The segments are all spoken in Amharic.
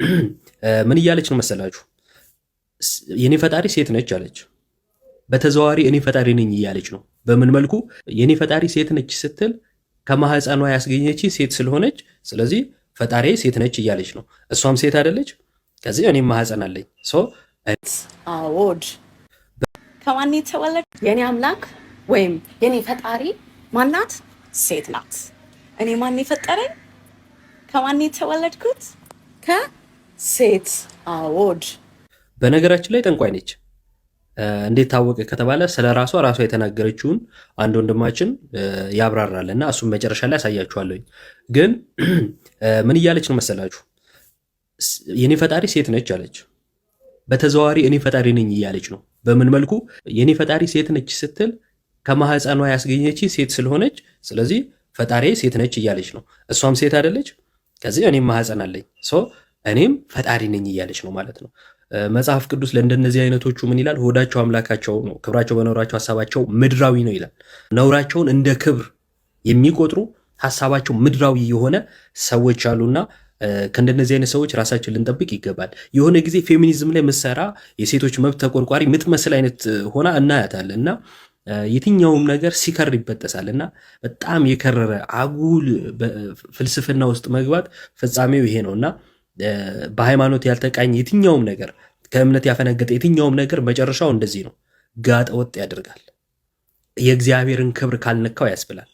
ምን እያለች ነው መሰላችሁ? የኔ ፈጣሪ ሴት ነች አለች። በተዘዋዋሪ እኔ ፈጣሪ ነኝ እያለች ነው። በምን መልኩ? የኔ ፈጣሪ ሴት ነች ስትል ከማህፀኗ ያስገኘች ሴት ስለሆነች፣ ስለዚህ ፈጣሪ ሴት ነች እያለች ነው። እሷም ሴት አይደለች? ከዚህ እኔም ማህፀን አለኝ። አዎድ ከማን የተወለድ? የኔ አምላክ ወይም የኔ ፈጣሪ ማናት? ሴት ናት። እኔ ማን የፈጠረኝ? ከማን የተወለድኩት? ሴት አዎድ። በነገራችን ላይ ጠንቋይ ነች። እንዴት ታወቀ ከተባለ ስለ ራሷ ራሷ የተናገረችውን አንድ ወንድማችን ያብራራል እና እሱም መጨረሻ ላይ ያሳያችኋለኝ። ግን ምን እያለች ነው መሰላችሁ? የኔ ፈጣሪ ሴት ነች አለች። በተዘዋዋሪ እኔ ፈጣሪ ነኝ እያለች ነው። በምን መልኩ? የኔ ፈጣሪ ሴት ነች ስትል ከማህፀኗ ያስገኘች ሴት ስለሆነች፣ ስለዚህ ፈጣሪ ሴት ነች እያለች ነው። እሷም ሴት አይደለች? ከዚህ እኔም ማህፀን አለኝ እኔም ፈጣሪ ነኝ እያለች ነው ማለት ነው። መጽሐፍ ቅዱስ ለእንደነዚህ አይነቶቹ ምን ይላል? ሆዳቸው አምላካቸው ነው፣ ክብራቸው በነውራቸው ሀሳባቸው ምድራዊ ነው ይላል። ነውራቸውን እንደ ክብር የሚቆጥሩ ሀሳባቸው ምድራዊ የሆነ ሰዎች አሉና ከእንደነዚህ አይነት ሰዎች ራሳችን ልንጠብቅ ይገባል። የሆነ ጊዜ ፌሚኒዝም ላይ ምሰራ የሴቶች መብት ተቆርቋሪ ምትመስል አይነት ሆና እናያታለን እና የትኛውም ነገር ሲከር ይበጠሳል እና በጣም የከረረ አጉል ፍልስፍና ውስጥ መግባት ፍጻሜው ይሄ ነው እና በሃይማኖት ያልተቃኝ የትኛውም ነገር ከእምነት ያፈነገጠ የትኛውም ነገር መጨረሻው እንደዚህ ነው፣ ጋጠ ወጥ ያደርጋል። የእግዚአብሔርን ክብር ካልነካው ያስብላል።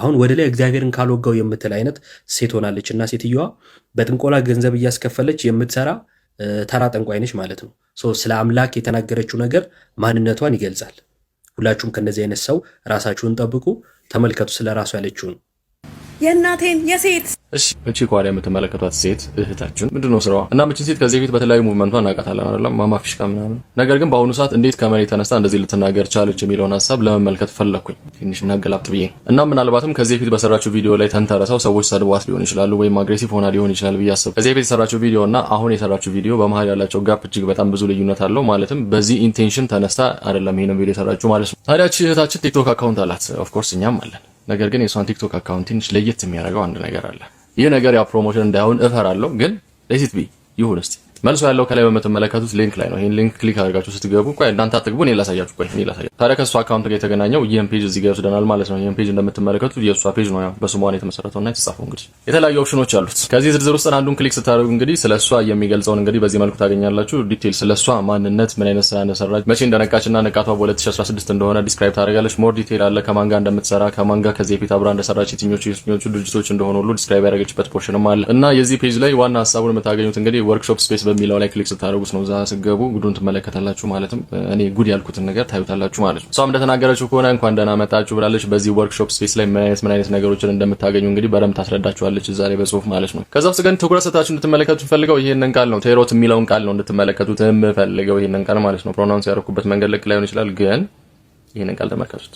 አሁን ወደ ላይ እግዚአብሔርን ካልወጋው የምትል አይነት ሴት ሆናለች። እና ሴትየዋ በጥንቆላ ገንዘብ እያስከፈለች የምትሰራ ተራ ጠንቋይ ነች ማለት ነው። ስለ አምላክ የተናገረችው ነገር ማንነቷን ይገልጻል። ሁላችሁም ከእነዚህ አይነት ሰው ራሳችሁን ጠብቁ። ተመልከቱ ስለ ራሱ ያለችውን የእናቴን የሴት እሺ፣ እቺ ኳሪያ የምትመለከቷት ሴት እህታችን ምንድን ነው ስራዋ? እና ምችን ሴት ከዚህ ፊት በተለያዩ ሙቭመንቷ እናውቃታለን አይደለም? ማማፊሽ ምናምን። ነገር ግን በአሁኑ ሰዓት እንዴት ከመሬት ተነስታ እንደዚህ ልትናገር ቻለች የሚለውን ሀሳብ ለመመልከት ፈለግኩኝ፣ ትንሽ እናገላብጥ ብዬ እና ምናልባትም ከዚህ ፊት በሰራችው ቪዲዮ ላይ ተንተረሰው ሰዎች ሰድቧት ሊሆን ይችላሉ፣ ወይም አግሬሲቭ ሆና ሊሆን ይችላል ብዬ አስብ። ከዚህ ፊት የሰራችው ቪዲዮ እና አሁን የሰራችው ቪዲዮ በመሀል ያላቸው ጋፕ እጅግ በጣም ብዙ ልዩነት አለው። ማለትም በዚህ ኢንቴንሽን ተነስታ አይደለም ይሄንን ቪዲዮ የሰራችው ማለት ነው። ታዲያ እህታችን ቲክቶክ አካውንት አላት። ኦፍኮርስ እኛም አለን ነገር ግን የሷን ቲክቶክ አካውንት ትንሽ ለየት የሚያደርገው አንድ ነገር አለ። ይህ ነገር ያው ፕሮሞሽን እንዳይሆን እፈራለሁ፣ ግን ሌት ኢት ቢ ይሁን እስቲ መልሶ ያለው ከላይ በምትመለከቱት ሊንክ ላይ ነው። ይሄን ሊንክ ክሊክ አድርጋችሁ ስትገቡ ቆይ እናንተ አጥግቡ እኔ ላሳያችሁ። ቆይ እኔ ላሳያችሁ። ታዲያ ከእሷ አካውንት ጋር የተገናኘው ይህን ፔጅ እዚህ ጋር ይወስደናል ማለት ነው። ይህን ፔጅ እንደምትመለከቱት የእሷ ፔጅ ነው። ያው የተመሰረተው እና የተጻፈው። እንግዲህ የተለያዩ ኦፕሽኖች አሉት። ከዚህ ዝርዝር ውስጥ አንዱን ክሊክ ስታደርጉ እንግዲህ ስለ እሷ የሚገልጸውን እንግዲህ በዚህ መልኩ ታገኛላችሁ። ዲቴል ስለ እሷ ማንነት፣ ምን አይነት ስራ እንደሰራች፣ መቼ እንደነቃችና ንቃቷ በ2016 እንደሆነ ዲስክራይብ ታደርጋለች። ሞር ዲቴል አለ። ከማን ጋር እንደምትሰራ፣ ከማን ጋር ከዚህ በፊት አብራ እንደሰራች፣ የትኞቹ የትኞቹ ድርጅቶች እንደሆኑ ሁሉ ዲስክራይብ ያደረገችበት ፖርሽንም አለ እና የዚህ ፔጅ ላይ ዋና ሀሳቡን የምታገኙት እንግዲህ ወርክሾፕ ስፔስ በሚለው ላይ ክሊክ ስታደርጉት ነው እዛ ስገቡ ጉዱን ትመለከታላችሁ። ማለትም እኔ ጉድ ያልኩትን ነገር ታዩታላችሁ ማለት ነው። እሷም እንደተናገረችው ከሆነ እንኳን ደህና መጣችሁ ብላለች። በዚህ ወርክሾፕ ስፔስ ላይ ምን አይነት ምን አይነት ነገሮችን እንደምታገኙ እንግዲህ በደምብ ታስረዳችኋለች ዛሬ በጽሁፍ ማለት ነው። ከዛ ውስጥ ግን ትኩረት ሰታችሁ እንድትመለከቱ ፈልገው ይህንን ቃል ነው ቴሮት የሚለውን ቃል ነው እንድትመለከቱት የምፈልገው ይህንን ቃል ማለት ነው። ፕሮናውንስ ያደረኩበት መንገድ ልክ ላይሆን ይችላል፣ ግን ይህንን ቃል ተመልከቱት።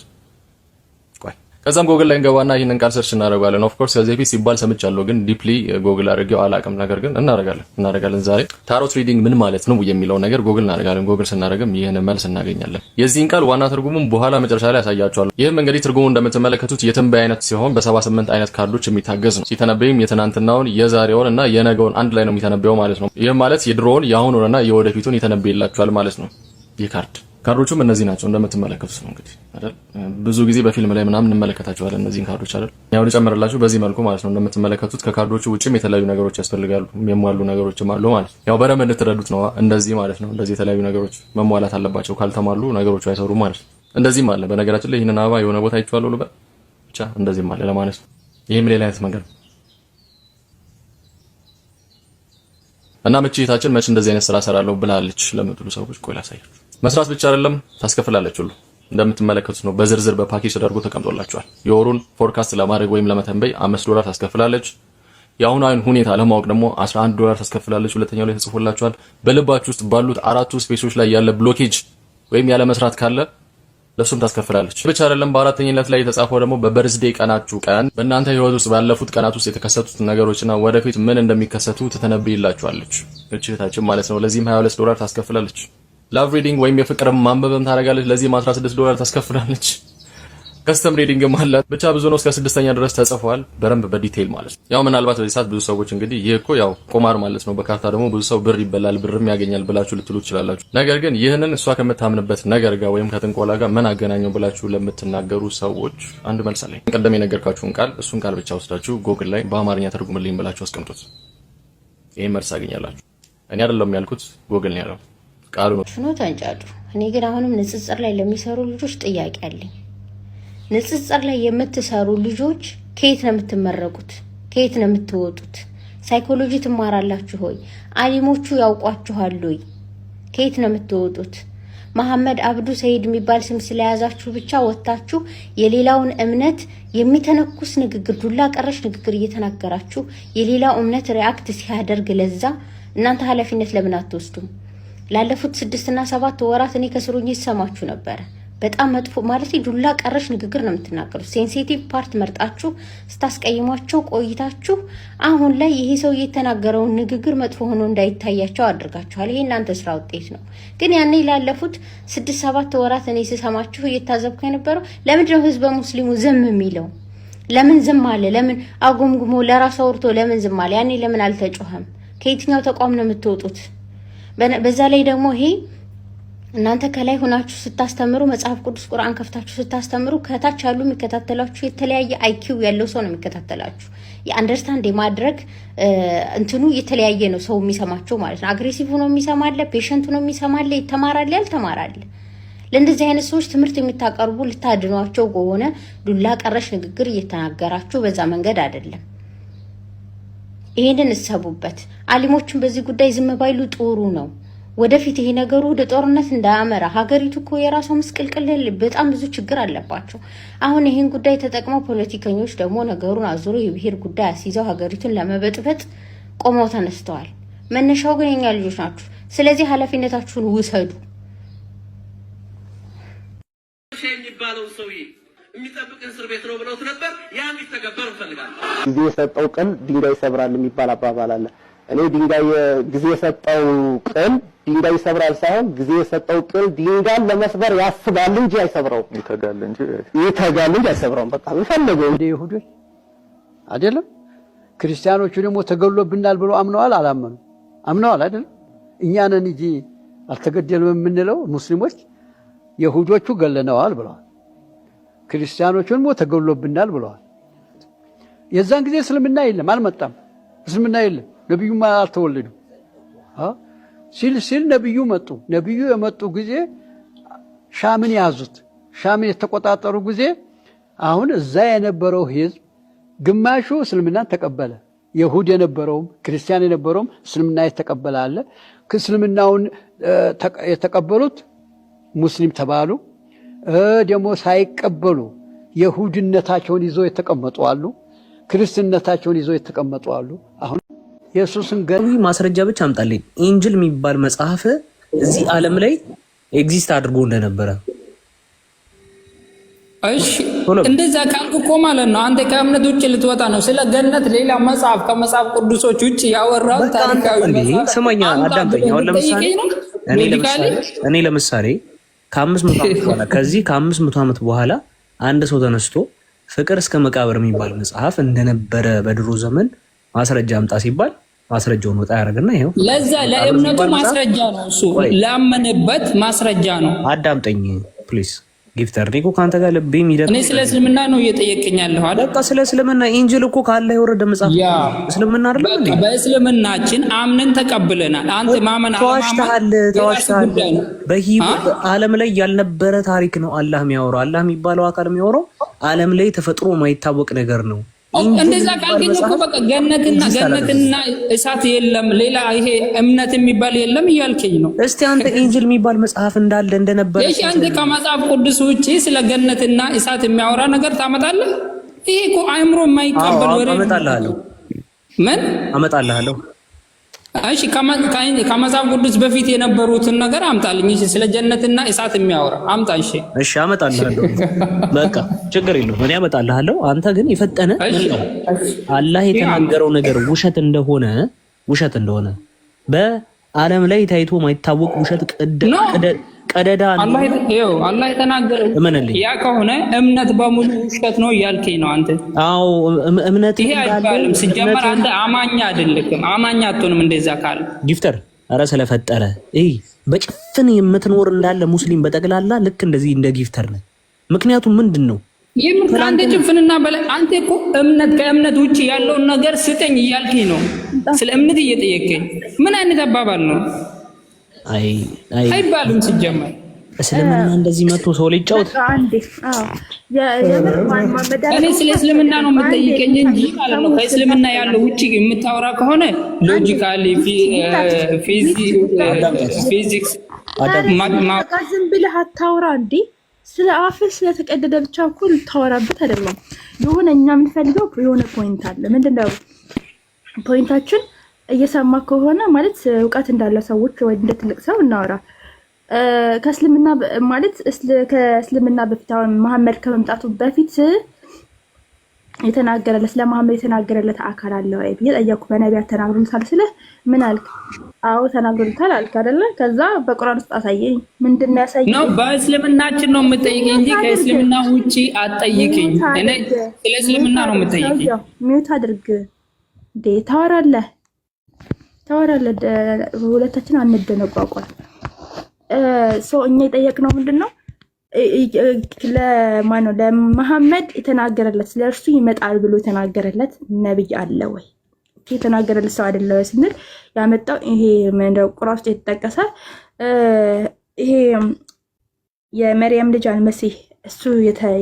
ከዛም ጎግል ላይ እንገባና ይህንን ቃል ሰርች እናደርጋለን። ኦፍኮርስ ከዚህ በፊት ሲባል ሰምቻለሁ፣ ግን ዲፕሊ ጎግል አድርጌው አላቅም ነገር ግን እናደርጋለን እናደርጋለን። ዛሬ ታሮት ሪዲንግ ምን ማለት ነው የሚለው ነገር ጎግል እናደርጋለን። ጎግል ስናደርግም ይህን መልስ እናገኛለን። የዚህን ቃል ዋና ትርጉሙም በኋላ መጨረሻ ላይ ያሳያቸዋለሁ። ይህም እንግዲህ ትርጉሙ እንደምትመለከቱት የትንበያ አይነት ሲሆን በ78 አይነት ካርዶች የሚታገዝ ነው። ሲተነበይም የትናንትናውን የዛሬውን እና የነገውን አንድ ላይ ነው የሚተነበየው ማለት ነው። ይህም ማለት የድሮውን የአሁኑንና የወደፊቱን ይተነበይላቸዋል ማለት ነው ይህ ካርድ ካርዶቹም እነዚህ ናቸው እንደምትመለከቱት ነው እንግዲህ አይደል። ብዙ ጊዜ በፊልም ላይ ምናምን እንመለከታቸዋለን እነዚህን ካርዶች አይደል። ያው ልጨምርላችሁ በዚህ መልኩ ማለት ነው። እንደምትመለከቱት ከካርዶቹ ውጭም የተለያዩ ነገሮች ያስፈልጋሉ የሚሟሉ ነገሮችም አሉ ማለት ነው። ያው በደንብ እንድትረዱት ነው እንደዚህ ማለት ነው። እንደዚህ የተለያዩ ነገሮች መሟላት አለባቸው። ካልተሟሉ ነገሮቹ አይሰሩም ማለት ነው። እንደዚህም አለ በነገራችን ላይ ይህንን አበባ የሆነ ቦታ አይቼዋለሁ ልበል ብቻ እንደዚህም አለ ለማለት ነው። ይህም ሌላ አይነት መንገድ ነው። እና ምችታችን መች እንደዚህ አይነት ስራ ሰራለሁ ብላለች ለምትሉ ሰዎች ቆይ ላሳያችሁ። መስራት ብቻ አይደለም ታስከፍላለች ሁሉ እንደምትመለከቱት ነው። በዝርዝር በፓኬጅ ተደርጎ ተቀምጦላችኋል። የወሩን ፎርካስት ለማድረግ ወይም ለመተንበይ አምስት ዶላር ታስከፍላለች። አይን ሁኔታ ለማወቅ ደግሞ 11 ዶላር ታስከፍላለች። ሁለተኛው ላይ ተጽፎላችኋል። በልባችሁ ውስጥ ባሉት አራቱ ስፔሶች ላይ ያለ ብሎኬጅ ወይም ያለ መስራት ካለ ለሱም ታስከፍላለች። ብቻ አይደለም በአራተኝነት ላይ የተጻፈው ደግሞ በበርዝዴ ቀናችሁ ቀን በእናንተ ህይወት ውስጥ ባለፉት ቀናት ውስጥ የተከሰቱት ነገሮችና ወደፊት ምን እንደሚከሰቱ ትተነብይላችኋለች እህታችን ማለት ነው። ለዚህም 22 ዶላር ታስከፍላለች። ላቭ ሪዲንግ ወይም የፍቅር ማንበብም ታደርጋለች። ለዚህም 16 ዶላር ታስከፍላለች። ከስተም ሪዲንግም አላት። ብቻ ብዙ ነው። እስከ ስድስተኛ ድረስ ተጽፏል በደንብ በዲቴይል ማለት ነው። ያው ምናልባት በዚህ ሰዓት ብዙ ሰዎች እንግዲህ ይህ እኮ ያው ቁማር ማለት ነው፣ በካርታ ደግሞ ብዙ ሰው ብር ይበላል ብርም ያገኛል ብላችሁ ልትሉ ትችላላችሁ። ነገር ግን ይህንን እሷ ከምታምንበት ነገር ጋር ወይም ከጥንቆላ ጋር ምን አገናኘው ብላችሁ ለምትናገሩ ሰዎች አንድ መልስ አለኝ። ቀደም የነገርካችሁን ቃል እሱን ቃል ብቻ ወስዳችሁ ጎግል ላይ በአማርኛ ትርጉምልኝ ብላችሁ አስቀምጡት። ይህም መልስ አገኛላችሁ። እኔ አይደለም ያልኩት፣ ጎግል ነው ያለው። ቃሉ ነው ተንጫጩ። እኔ ግን አሁንም ንጽጽር ላይ ለሚሰሩ ልጆች ጥያቄ አለኝ። ንጽጽር ላይ የምትሰሩ ልጆች ከየት ነው የምትመረቁት? ከየት ነው የምትወጡት? ሳይኮሎጂ ትማራላችሁ ሆይ? አሊሞቹ ያውቋችኋል ሆይ? ከየት ነው የምትወጡት? መሐመድ አብዱ ሰይድ የሚባል ስም ስለያዛችሁ ብቻ ወጥታችሁ የሌላውን እምነት የሚተነኩስ ንግግር፣ ዱላ ቀረሽ ንግግር እየተናገራችሁ የሌላው እምነት ሪያክት ሲያደርግ ለዛ እናንተ ኃላፊነት ለምን አትወስዱም? ላለፉት ስድስትና ሰባት ወራት እኔ ከስሩኝ ይሰማችሁ ነበረ። በጣም መጥፎ ማለት ዱላ ቀረሽ ንግግር ነው የምትናገሩት። ሴንሲቲቭ ፓርት መርጣችሁ ስታስቀይሟቸው ቆይታችሁ አሁን ላይ ይሄ ሰው የተናገረውን ንግግር መጥፎ ሆኖ እንዳይታያቸው አድርጋችኋል። ይሄ እናንተ ስራ ውጤት ነው። ግን ያኔ ላለፉት ስድስት ሰባት ወራት እኔ ስሰማችሁ እየታዘብኩ የነበረው ለምንድነው ህዝበ ሙስሊሙ ዝም የሚለው? ለምን ዝም አለ? ለምን አጉምጉሞ ለራሱ አውርቶ ለምን ዝም አለ? ያኔ ለምን አልተጮኸም? ከየትኛው ተቋም ነው የምትወጡት? በዛ ላይ ደግሞ ይሄ እናንተ ከላይ ሆናችሁ ስታስተምሩ መጽሐፍ ቅዱስ ቁርአን ከፍታችሁ ስታስተምሩ ከታች ያሉ የሚከታተላችሁ የተለያየ አይኪው ያለው ሰው ነው የሚከታተላችሁ። የአንደርስታንድ የማድረግ እንትኑ የተለያየ ነው፣ ሰው የሚሰማቸው ማለት ነው። አግሬሲቭ ሆኖ የሚሰማለ፣ ፔሽንት ሆኖ የሚሰማለ፣ ይተማራል፣ ያልተማራል። ለእንደዚህ አይነት ሰዎች ትምህርት የምታቀርቡ ልታድኗቸው ከሆነ ዱላ ቀረሽ ንግግር እየተናገራችሁ በዛ መንገድ አይደለም። ይሄንን እሰቡበት። አሊሞቹን በዚህ ጉዳይ ዝም ባይሉ ጥሩ ነው። ወደፊት ይሄ ነገሩ ወደ ጦርነት እንዳያመራ ሀገሪቱ እኮ የራሷ ምስቅልቅል በጣም ብዙ ችግር አለባቸው። አሁን ይህን ጉዳይ ተጠቅመው ፖለቲከኞች ደግሞ ነገሩን አዙሮ የብሄር ጉዳይ አስይዘው ሀገሪቱን ለመበጥበጥ ቆመው ተነስተዋል። መነሻው ግን የኛ ልጆች ናችሁ። ስለዚህ ኃላፊነታችሁን ውሰዱ። ጊዜ የሰጠው ቅል ድንጋይ ይሰብራል የሚባል አባባል አለ። እኔ ድንጋይ ጊዜ የሰጠው ቅል ድንጋይ ይሰብራል ሳይሆን ጊዜ የሰጠው ቅል ድንጋይን ለመስበር ያስባል እንጂ አይሰብረውም። ይተጋል እንጂ ይተጋል እንጂ አይሰብረውም። በቃ ይፈልገው እንደ ይሁዶች አይደለም። ክርስቲያኖቹ ደግሞ ተገሎብናል ብለው አምነዋል። አላመኑ አምነዋል አይደለም። እኛንን እንጂ አልተገደልም የምንለው ሙስሊሞች የሁዶቹ ገለነዋል ብለዋል። ክርስቲያኖቹ ደግሞ ተገሎብናል ብለዋል። የዛን ጊዜ እስልምና የለም፣ አልመጣም። እስልምና የለም፣ ነቢዩም አልተወለዱ ሲል ሲል ነቢዩ መጡ። ነቢዩ የመጡ ጊዜ ሻምን ያዙት። ሻምን የተቆጣጠሩ ጊዜ አሁን እዛ የነበረው ህዝብ ግማሹ እስልምናን ተቀበለ። የሁድ የነበረውም ክርስቲያን የነበረውም እስልምና የተቀበለ አለ። እስልምናውን የተቀበሉት ሙስሊም ተባሉ። ደግሞ ሳይቀበሉ የሁድነታቸውን ይዘው የተቀመጡ አሉ። ክርስትነታቸውን ይዘው የተቀመጡ አሉ። አሁን ኢየሱስን ማስረጃ ብቻ አምጣልኝ። ኢንጅል የሚባል መጽሐፍ እዚህ ዓለም ላይ ኤግዚስት አድርጎ እንደነበረ እሺ እንደዛ ካልኩ እኮ ማለት ነው አንተ ከእምነት ውጭ ልትወጣ ነው። ስለ ገነት ሌላ መጽሐፍ ከመጽሐፍ ቅዱሶች ውጭ ያወራው ታሪካዊ ለምሳሌ እኔ ለምሳሌ ከአምስት መቶ ዓመት በኋላ ከዚህ ከአምስት መቶ ዓመት በኋላ አንድ ሰው ተነስቶ ፍቅር እስከ መቃብር የሚባል መጽሐፍ እንደነበረ በድሮ ዘመን ማስረጃ አምጣ ሲባል ማስረጃውን ወጣ ያደርግና ይኸው ለዛ ለእምነቱ ማስረጃ ነው። እሱ ላመነበት ማስረጃ ነው። አዳምጠኝ ፕሊስ ጊፍተር እኔ እኮ ከአንተ ጋር ልቤ የሚደርስ እኔ ስለ እስልምና ነው እየጠየቀኝ ያለሁ። በቃ ስለ እስልምና ኢንጅል እኮ ካለ የወረደ መጽሐፍ እስልምና አይደለም። በእስልምናችን አምነን ተቀብለናል። አንተ ማመን ተዋሽተሃል፣ ተዋሽተሃል። በዓለም ላይ ያልነበረ ታሪክ ነው አላህ የሚያወራው አላህ የሚባለው አካል የሚያወራው ዓለም ላይ ተፈጥሮ የማይታወቅ ነገር ነው። እንደዛ ካልገኘ እኮ በቃ ገነትና ገነትና እሳት የለም፣ ሌላ ይሄ እምነት የሚባል የለም እያልከኝ ነው። እስቲ አንተ ኢንጅል የሚባል መጽሐፍ እንዳለ እንደነበረ እሺ፣ አንተ ከመጽሐፍ ቅዱስ ውጭ ስለ ገነትና እሳት የሚያወራ ነገር ታመጣለህ? ይሄ እኮ አእምሮ የማይቀበል ወሬ። አመጣልሃለሁ። ምን አመጣልሃለሁ እሺ ከመጽሐፍ ቅዱስ በፊት የነበሩትን ነገር አምጣልኝ። እሺ ስለ ጀነትና እሳት የሚያወራ አምጣ። እሺ እሺ፣ አመጣልሃለሁ። በቃ ችግር የለውም እኔ አመጣልሃለሁ። አንተ ግን የፈጠነ አላህ የተናገረው ነገር ውሸት እንደሆነ ውሸት እንደሆነ በዓለም ላይ ታይቶ ማይታወቅ ውሸት ቅድ ቀደዳ አላህ የተናገረ እመንልኝ። ያ ከሆነ እምነት በሙሉ ውሸት ነው እያልከኝ ነው አንተ? አዎ እምነት ይሄ አይባልም። ሲጀመር አንተ አማኛ አይደለክም። አማኛ አትሆንም እንደዛ ካለ ጊፍተር ኧረ ስለፈጠረ ይሄ በጭፍን የምትኖር እንዳለ ሙስሊም በጠቅላላ ልክ እንደዚህ እንደ ጊፍተር ነው። ምክንያቱም ምንድን ነው ከአንተ ጭፍንና በላይ አንተ እኮ እምነት ከእምነት ውጭ ያለውን ነገር ስጠኝ እያልከኝ ነው። ስለ እምነት እየጠየቀኝ ምን አይነት አባባል ነው? አይባልም ሲጀመር እስልምና እንደዚህ መቶ ሰው ሊጫወት እኔ ስለ እስልምና ነው የምጠይቀኝ እንጂ ማለት ነው። ከእስልምና ያለው ውጭ የምታወራ ከሆነ ሎጂካሊ ፊዚክስ ዝም ብለህ አታውራ እንዴ። ስለ አፍህ ስለተቀደደ ብቻ እኮ ልታወራበት አይደለም። የሆነ እኛ የምንፈልገው የሆነ ፖይንት አለ። ምንድን ፖይንታችን? እየሰማ ከሆነ ማለት እውቀት እንዳለ ሰዎች ወይ እንደ ትልቅ ሰው እናወራ። ከእስልምና ማለት ከእስልምና በፊት አሁን መሐመድ ከመምጣቱ በፊት የተናገረለት ስለ መሐመድ የተናገረለት አካል አለ ወይ ብዬ ጠየኩ። በነቢያት ተናግሮልታል ስለ ምን አልክ? አዎ ተናግሮልታል አልክ አደለ? ከዛ በቁርአን ውስጥ አሳየኝ። ምንድን ነው ያሳየኝ? ነው በእስልምናችን ነው የምጠይቀኝ እንጂ ከእስልምና ውጪ አትጠይቅኝ። እኔ ስለ እስልምና ነው የምጠይቀኝ። ሚውት አድርግ። ታወራለህ ታወራለህ። ሁለታችን አንደነቋቋል። ሰው እኛ የጠየቅነው ምንድን ነው? ለማነው ለመሐመድ የተናገረለት ስለ እርሱ ይመጣል ብሎ የተናገረለት ነብይ አለ ወይ? የተናገረለት ሰው አይደለ ወይ ስንል ያመጣው ይሄ ቁራ ውስጥ የተጠቀሰ ይሄ የመርያም ልጅ አልመሲህ እሱ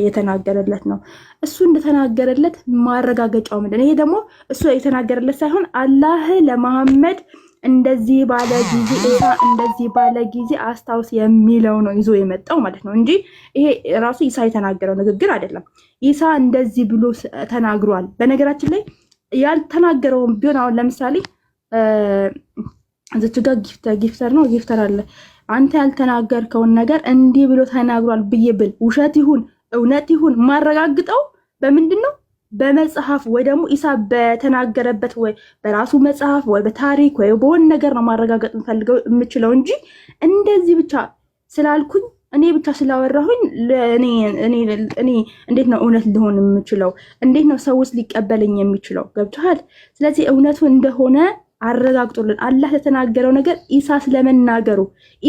የተናገረለት ነው። እሱ እንደተናገረለት ማረጋገጫው ምንድን ነው? ይሄ ደግሞ እሱ የተናገረለት ሳይሆን አላህ ለመሐመድ እንደዚህ ባለ ጊዜ ኢሳ እንደዚህ ባለ ጊዜ አስታውስ የሚለው ነው ይዞ የመጣው ማለት ነው እንጂ ይሄ ራሱ ኢሳ የተናገረው ንግግር አይደለም። ኢሳ እንደዚህ ብሎ ተናግሯል። በነገራችን ላይ ያልተናገረውን ቢሆን አሁን ለምሳሌ እዚች ጋር ጊፍተር ነው ጊፍተር አለ። አንተ ያልተናገርከውን ነገር እንዲህ ብሎ ተናግሯል ብዬ ብል ውሸት ይሁን እውነት ይሁን ማረጋግጠው በምንድን ነው በመጽሐፍ ወይ ደግሞ ኢሳ በተናገረበት ወይ በራሱ መጽሐፍ ወይ በታሪክ ወይ በሆን ነገር ነው ማረጋገጥ ንፈልገው የምችለው እንጂ እንደዚህ ብቻ ስላልኩኝ እኔ ብቻ ስላወራሁኝ እኔ እንዴት ነው እውነት ሊሆን የምችለው? እንዴት ነው ውስጥ ሊቀበለኝ የሚችለው? ገብቶሃል? ስለዚህ እውነቱ እንደሆነ አረጋግጦልን አላህ ለተናገረው ነገር ኢሳ ስለመናገሩ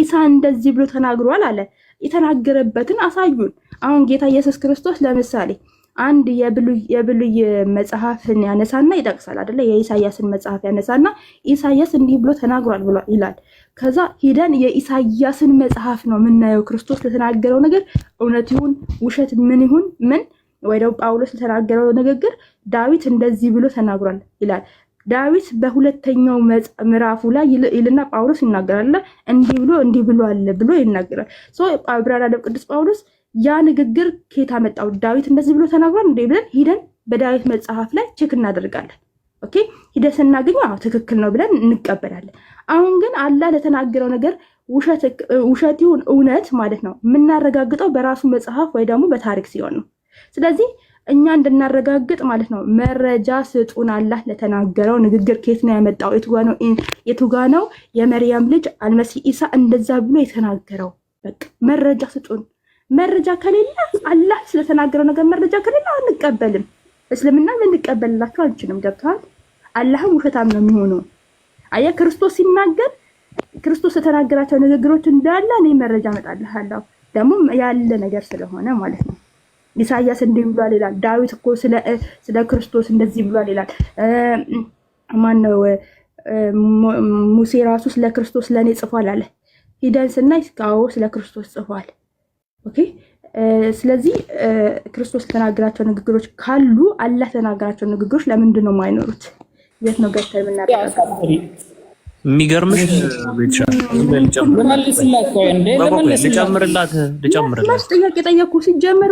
ኢሳ እንደዚህ ብሎ ተናግሯል አለ የተናገረበትን አሳዩን። አሁን ጌታ ኢየሱስ ክርስቶስ ለምሳሌ አንድ የብሉይ መጽሐፍን ያነሳና ይጠቅሳል አደለ? የኢሳያስን መጽሐፍ ያነሳና ኢሳያስ እንዲህ ብሎ ተናግሯል ብሎ ይላል። ከዛ ሂደን የኢሳያስን መጽሐፍ ነው የምናየው። ክርስቶስ ለተናገረው ነገር እውነት ይሁን ውሸት ምን ይሁን ምን ወይ ደግሞ ጳውሎስ ለተናገረው ንግግር ዳዊት እንደዚህ ብሎ ተናግሯል ይላል። ዳዊት በሁለተኛው ምዕራፉ ላይ ይልና ጳውሎስ ይናገራል እንዲህ ብሎ እንዲህ አለ ብሎ ይናገራል። ሶ ደብ ቅዱስ ጳውሎስ ያ ንግግር ከየት መጣው ዳዊት እንደዚህ ብሎ ተናግሯል እንዴ ብለን ሂደን በዳዊት መጽሐፍ ላይ ቼክ እናደርጋለን። ኦኬ ሂደን ስናገኘው አዎ ትክክል ነው ብለን እንቀበላለን። አሁን ግን አላ ለተናገረው ነገር ውሸት ይሁን እውነት ማለት ነው የምናረጋግጠው በራሱ መጽሐፍ ወይ ደግሞ በታሪክ ሲሆን ነው። ስለዚህ እኛ እንድናረጋግጥ ማለት ነው መረጃ ስጡን፣ አላ ለተናገረው ንግግር ከየት ነው ያመጣው? የቱጋ ነው የመርያም ልጅ አልመሲ ኢሳ እንደዛ ብሎ የተናገረው? በቃ መረጃ ስጡን። መረጃ ከሌለ አላህ ስለተናገረው ነገር መረጃ ከሌለ አንቀበልም። እስልምና ልንቀበልላቸው አንችልም። ገብተዋል። አላህም ውሸታም ነው የሚሆነው። አየ ክርስቶስ ሲናገር ክርስቶስ የተናገራቸው ንግግሮች እንዳለ እኔ መረጃ እመጣልሃለሁ ደግሞ ያለ ነገር ስለሆነ ማለት ነው። ኢሳያስ እንዲህ ብሏል ይላል። ዳዊት እኮ ስለ ክርስቶስ እንደዚህ ብሏል ይላል። ነው ሙሴ ራሱ ስለ ክርስቶስ ለእኔ ጽፏል አለ። ሂደን ስናይ ስለ ክርስቶስ ጽፏል። ኦኬ። ስለዚህ ክርስቶስ ተናገራቸው ንግግሮች ካሉ አላህ ተናገራቸው ንግግሮች ለምንድን ነው የማይኖሩት? የት ነው ገብተን የምናደርገው? ጥያቄ ጠየኩ። ሲጀመር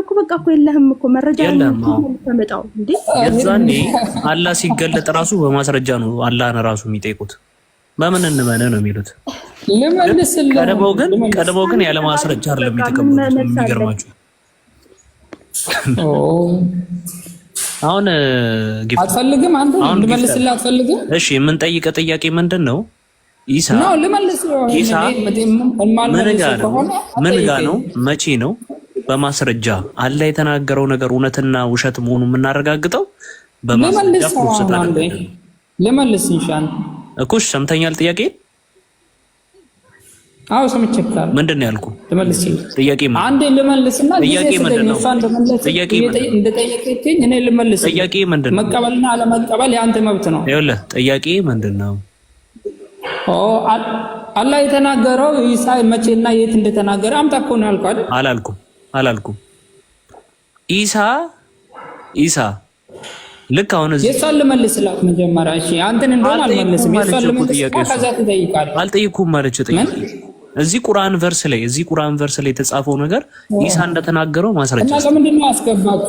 እኮ በቃ እኮ የለህም እኮ መረጃ ተመጣው እንዴ? የዛኔ አላህ ሲገለጥ ራሱ በማስረጃ ነው አላህን ራሱ የሚጠይቁት። በምን እንመነ ነው የሚሉት። ቀድሞው ግን ቀድሞው ግን ያለ ማስረጃ አይደለም የተቀበሉት። የሚገርማችሁ አሁን አትፈልግም አንተ ልመልስልህ አትፈልግም። እሺ የምንጠይቀ ጥያቄ ምንድን ነው? ምን ጋ ነው? መቼ ነው በማስረጃ አለ የተናገረው ነገር እውነትና ውሸት መሆኑ የምናረጋግጠው በማስረጃ ልመልስ እኮ ሰምተኛል። ጥያቄ አዎ ሰምቼታለሁ። ምንድን ነው ያልኩህ? አንዴ ጥያቄ ጥያቄ እኔ ጥያቄ መቀበልና አለመቀበል የአንተ መብት ነው። ይኸውልህ ጥያቄ ምንድን ነው? ኦ አላህ የተናገረው ኢሳ መቼና የት እንደተናገረ አምጣ እኮ ነው ያልኩህ አይደል? አላልኩም አላልኩም ኢሳ ኢሳ ልክ አሁን እዚህ የእሷን ልመልስላት መጀመሪያ። እሺ አንተን እንደውም አልመልስም። የእሷን ልመልስላት ከዛ ትጠይቃለህ። አልጠይኩም ማለት እጠይቃለሁ። እዚህ ቁርአን ቨርስ ላይ እዚህ ቁርአን ቨርስ ላይ የተጻፈው ነገር ኢሳ እንደተናገረው ማስረጃ እና ለምንድን ነው ያስገባት?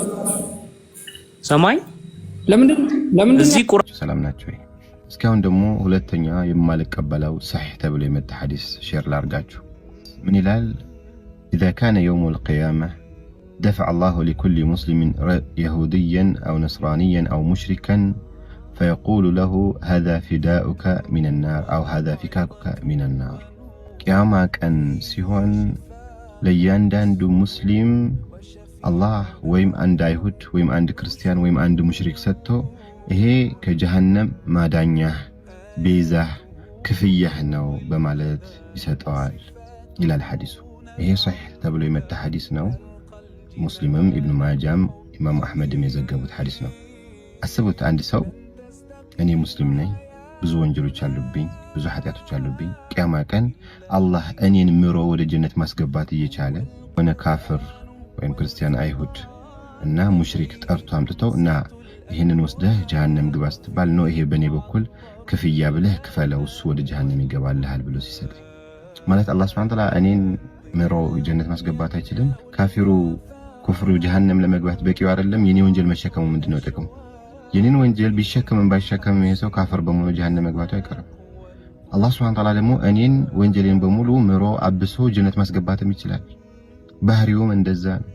ሰማይ ለምንድን ለምንድን እዚህ ቁርአን ሰላም ናቸው። እስካሁን ደግሞ ሁለተኛ የማልቀበለው ሰሂህ ተብሎ የመጣ ሐዲስ ሼር ላርጋችሁ። ምን ይላል? ኢዛ ካነ የውሙል ቂያማ دفع الله لكل مسلم يهوديا او نصرانيا او مشركا فيقول له هذا فداؤك من النار او هذا فكاكك من النار كما كان سيهون ليان داندو مسلم الله ويم عند يهود ويم عند كريستيان ويم عند مشرك ستو هي كجهنم ما دانيا بيزه كفيه نو بمالت يسطوال الى الحديث هي صحيح تبلو يمت حديث نو ሙስሊምም ኢብኑ ማጃም ኢማም አሕመድም የዘገቡት ሐዲስ ነው። አስቡት፣ አንድ ሰው እኔ ሙስሊም ነኝ፣ ብዙ ወንጀሎች አሉብኝ፣ ብዙ ኃጢአቶች አሉብኝ። ቅያማ ቀን አላህ እኔን ምሮ ወደ ጀነት ማስገባት እየቻለ ሆነ ካፍር ወይም ክርስቲያን፣ አይሁድ እና ሙሽሪክ ጠርቶ አምጥተው እና ይህንን ወስደህ ጀሃነም ግባ ስትባል ነው ይሄ በእኔ በኩል ክፍያ ብለህ ክፈለው እሱ ወደ ጀሃነም ይገባልሃል ብሎ ሲሰጠኝ ማለት አላህ ስብሐነ ተዓላ እኔን ምሮ ጀነት ማስገባት አይችልም ካፊሩ ኩፍሩ ጀሃነም ለመግባት በቂው አይደለም። የኔ ወንጀል መሸከሙ ምንድነው ጥቅሙ? የኔን ወንጀል ቢሸከምም ባይሸከምም ይሄ ሰው ካፈር በመሆኑ ጀሃነም መግባቱ አይቀርም። አላህ ሱብሓነሁ ተዓላ ደግሞ እኔን ወንጀሌን በሙሉ ምሮ አብሶ ጀነት ማስገባትም ይችላል። ባህሪውም እንደዛ ነው።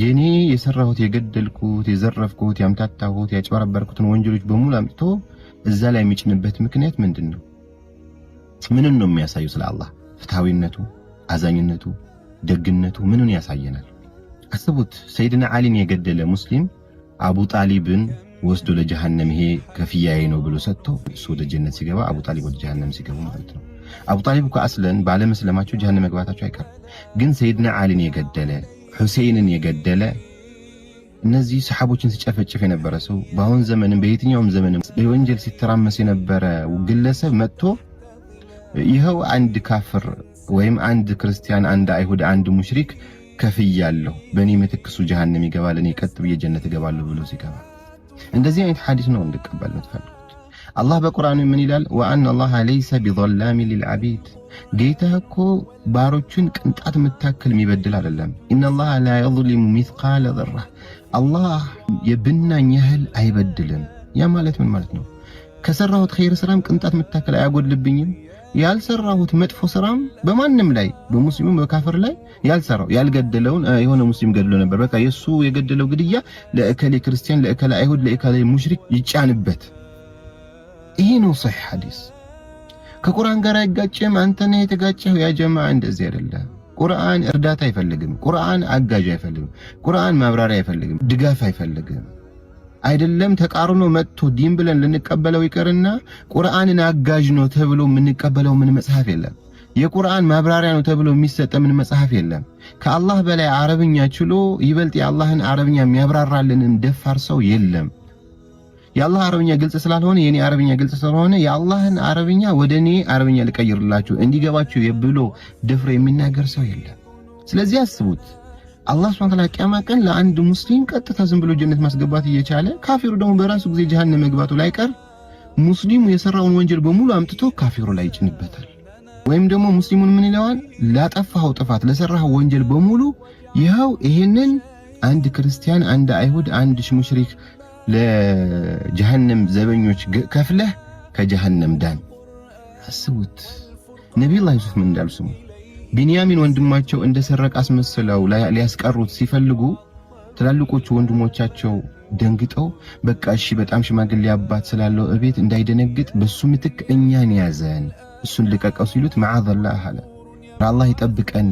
የኔ የሰራሁት የገደልኩት፣ የዘረፍኩት፣ ያምታታሁት፣ ያጭበረበርኩትን ወንጀሎች በሙሉ አምጥቶ እዛ ላይ የሚጭንበት ምክንያት ምንድን ነው? ምንን ነው የሚያሳየው? ስለ አላህ ፍትሐዊነቱ፣ አዛኝነቱ፣ ደግነቱ ምንን ያሳየናል? አስቡት፣ ሰይድና አሊን የገደለ ሙስሊም አቡ ጣሊብን ወስዶ ለጀሃነም ይሄ ከፍያዬ ነው ብሎ ሰጥቶ እሱ ወደ ጀነት ሲገባ አቡ ጣሊብ ወደ ጀሃነም ሲገቡ ማለት ነው። አቡ ጣሊብ እኮ አስለን ባለመስለማቸው ጀሃነም መግባታቸው አይቀርም። ግን ሰይድና አሊን የገደለ ሁሴይንን የገደለ እነዚህ ሰሓቦችን ሲጨፈጭፍ የነበረ ሰው በአሁን ዘመንም በየትኛውም ዘመንም በወንጀል ሲተራመስ የነበረ ግለሰብ መጥቶ ይኸው አንድ ካፍር ወይም አንድ ክርስቲያን፣ አንድ አይሁድ፣ አንድ ሙሽሪክ ከፍያለሁ፣ በእኔ ምትክ እሱ ጀሃነም ይገባል፣ እኔ ቀጥ ብዬ ጀነት እገባለሁ ብሎ ሲገባ እንደዚህ አይነት ሐዲስ ነው እንድቀበል የምትፈልጉት። አላህ በቁርአኑ ምን ይላል? ወአን አላህ ለይሰ ቢዘላሚ ሊልዓቢድ ጌታ እኮ ባሮቹን ቅንጣት የምታክል የሚበድል አይደለም። ኢነላሃ ላ የዝሊሙ ሚስቃለ ዘራ አላህ የብናኝ ያህል አይበድልም። ያ ማለት ምን ማለት ነው? ከሰራሁት ኸይር ስራም ቅንጣት የምታክል አያጎድልብኝም ያልሰራሁት መጥፎ ስራም በማንም ላይ በሙስሊሙ በካፍር ላይ ያልሰራው ያልገደለውን የሆነ ሙስሊም ገድሎ ነበር። በቃ የሱ የገደለው ግድያ ለእከሌ ክርስቲያን፣ ለእከሌ አይሁድ፣ ለእከሌ ሙሽሪክ ይጫንበት። ይሄ ነው ሰሂህ ሐዲስ። ከቁርአን ጋር አይጋጭም። አንተ ነህ የተጋጨህ። ያ ጀማዓ እንደዚህ አይደለም። ቁርአን እርዳታ አይፈልግም። ቁርአን አጋዥ አይፈልግም። ቁርአን ማብራሪያ አይፈልግም። ድጋፍ አይፈልግም። አይደለም ተቃርኖ መጥቶ ዲን ብለን ልንቀበለው ይቅርና ቁርአንን አጋዥ ነው ተብሎ የምንቀበለው ምን መጽሐፍ የለም። የቁርአን ማብራሪያ ነው ተብሎ የሚሰጠ ምን መጽሐፍ የለም። ከአላህ በላይ አረብኛ ችሎ ይበልጥ የአላህን አረብኛ የሚያብራራልንን ደፋር ሰው የለም። የአላህ አረብኛ ግልጽ ስላልሆነ የኔ አረብኛ ግልጽ ስለሆነ የአላህን አረብኛ ወደ እኔ አረብኛ ልቀይርላችሁ እንዲገባችሁ ብሎ ደፍሮ የሚናገር ሰው የለም። ስለዚህ አስቡት። አላህ ስብሐ ወተዓላ ቂያማ ቀን ለአንድ ሙስሊም ቀጥታ ዝም ብሎ ጀነት ማስገባት እየቻለ ካፊሩ ደግሞ በራሱ ጊዜ ጀሃነም መግባቱ ላይ ቀር ሙስሊሙ የሰራውን ወንጀል በሙሉ አምጥቶ ካፊሩ ላይ ይጭንበታል። ወይም ደግሞ ሙስሊሙን ምን ይለዋል? ላጠፋኸው ጥፋት ለሰራኸው ወንጀል በሙሉ ይኸው ይሄንን አንድ ክርስቲያን፣ አንድ አይሁድ፣ አንድ ሙሽሪክ ለጀሃነም ዘበኞች ከፍለህ ከጀሃነም ዳን። አስቡት ነቢዩላህ ዩሱፍ ምን እንዳሉ ስሙ ቢንያሚን ወንድማቸው እንደ ሰረቅ አስመስለው ሊያስቀሩት ሲፈልጉ ትላልቆቹ ወንድሞቻቸው ደንግጠው በቃ እሺ፣ በጣም ሽማግሌ አባት ስላለው እቤት እንዳይደነግጥ በሱ ምትክ እኛን ያዘን እሱን ልቀቀው ሲሉት መዓዘላህ አለ። አላህ ይጠብቀን።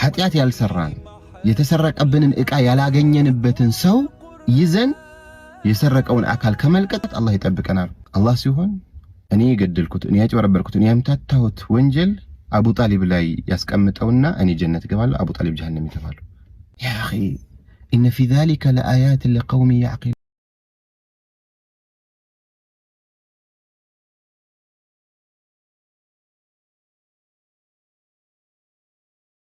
ኃጢአት ያልሰራን የተሰረቀብንን ዕቃ ያላገኘንበትን ሰው ይዘን የሰረቀውን አካል ከመልቀጥ አላህ ይጠብቀናል። አላህ ሲሆን እኔ የገደልኩት እኔ ያጭበረበርኩት እኔ ያምታታሁት ወንጀል አቡ ጣሊብ ላይ ያስቀምጠውና እኔ ጀነት እገባለሁ፣ አቡ ጣሊብ ጀሃነም ይገባሉ። ያ እነ ፊ ዛሊከ ለአያት ለቀውም ያዕቂሉን